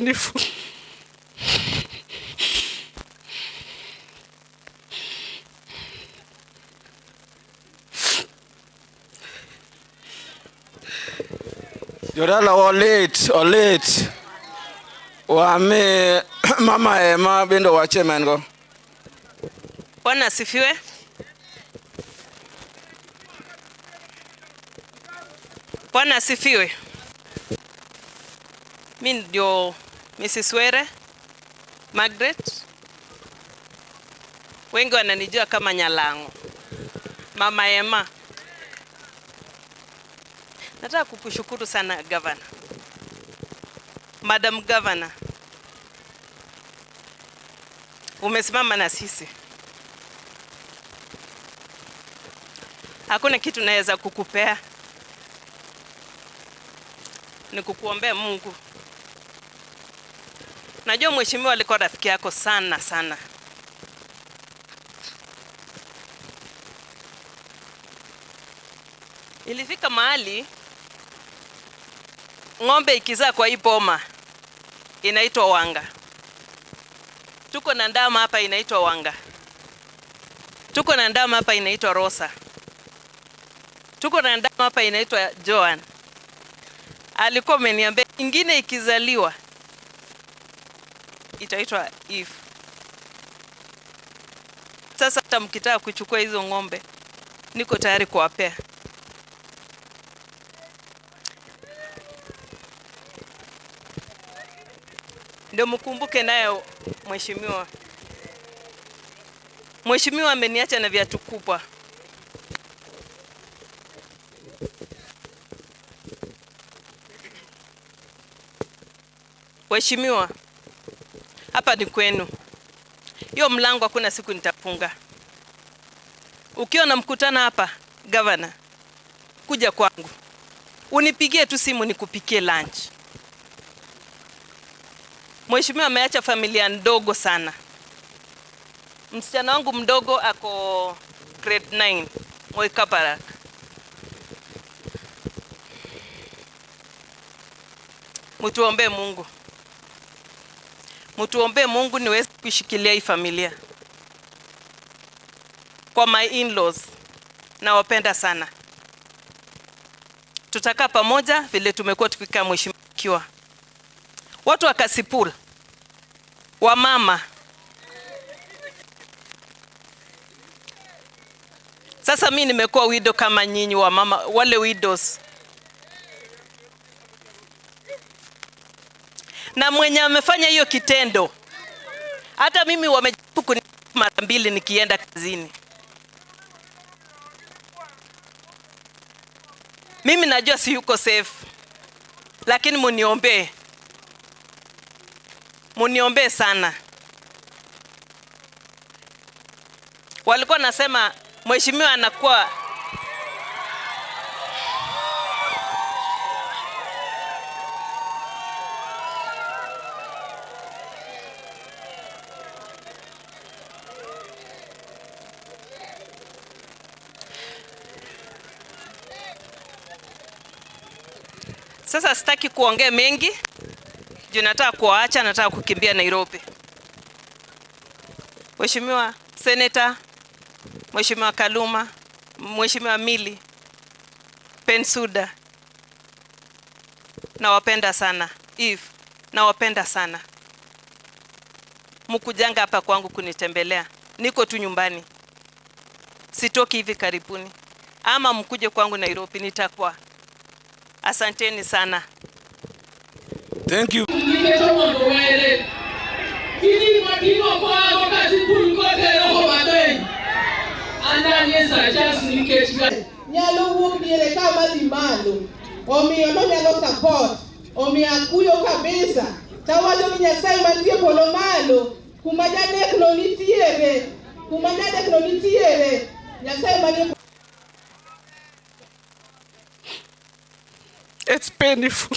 nifue. Jodala walit walit wami mama ema eh, bindo wache mengo. Bwana asifiwe. Bwana asifiwe. Mimi ndio Mrs. Were Margaret, wengi wananijua kama Nyalango, Mama Emma. Nataka kukushukuru sana governor, Madam governor, umesimama na sisi. Hakuna kitu naweza kukupea, ni kukuombea Mungu Najua mheshimiwa alikuwa rafiki yako sana sana. Ilifika mahali ng'ombe ikizaa kwa hii boma inaitwa wanga. Tuko na ndama hapa inaitwa wanga. Tuko na ndama hapa inaitwa Rosa. Tuko na ndama hapa inaitwa Joan. Alikuwa ameniambia ingine ikizaliwa itaitwa if. Sasa hata mkitaka kuchukua hizo ng'ombe, niko tayari kuwapea. Ndio mkumbuke nayo mheshimiwa. Mheshimiwa ameniacha na viatu kubwa. Mheshimiwa hapa ni kwenu. Hiyo mlango hakuna siku nitafunga. Ukiwa na hapa, gavana, kuja kwangu, unipigie tu simu nikupikie lunch. Mheshimiwa ameacha familia ndogo sana. Msichana wangu mdogo ako grade 9 Moikaparak. mutuombee Mungu mtuombe Mungu niweze kuishikilia hii familia. Kwa my in-laws nawapenda sana, tutakaa pamoja vile tumekuwa tukikaa. Mheshimiwa, watu wa Kasipul, wamama sasa mi nimekuwa widow kama nyinyi wa mama wale widows na mwenye amefanya hiyo kitendo, hata mimi wamejaribu mara mbili nikienda kazini. Mimi najua si yuko safe, lakini muniombee, muniombee sana. Walikuwa nasema mheshimiwa anakuwa Sasa sitaki kuongea mengi juu nataka kuwaacha, nataka kukimbia Nairobi. Mheshimiwa Seneta, Mheshimiwa Kaluma, Mheshimiwa Mili, Pensuda, nawapenda sana. Eve, nawapenda sana. Mkujanga hapa kwangu kunitembelea, niko tu nyumbani, sitoki hivi karibuni, ama mkuje kwangu Nairobi, nitakuwa Asanteni sana. Thank you. Nyalo wuok diere ka madhi malo omiyo nonyalo support omiyo akuyo kabisa tawacho ni Nyasaye mantie polo malo kuma jadekno nitiere kuma jadekno nitiere Nyasaye manie it's painful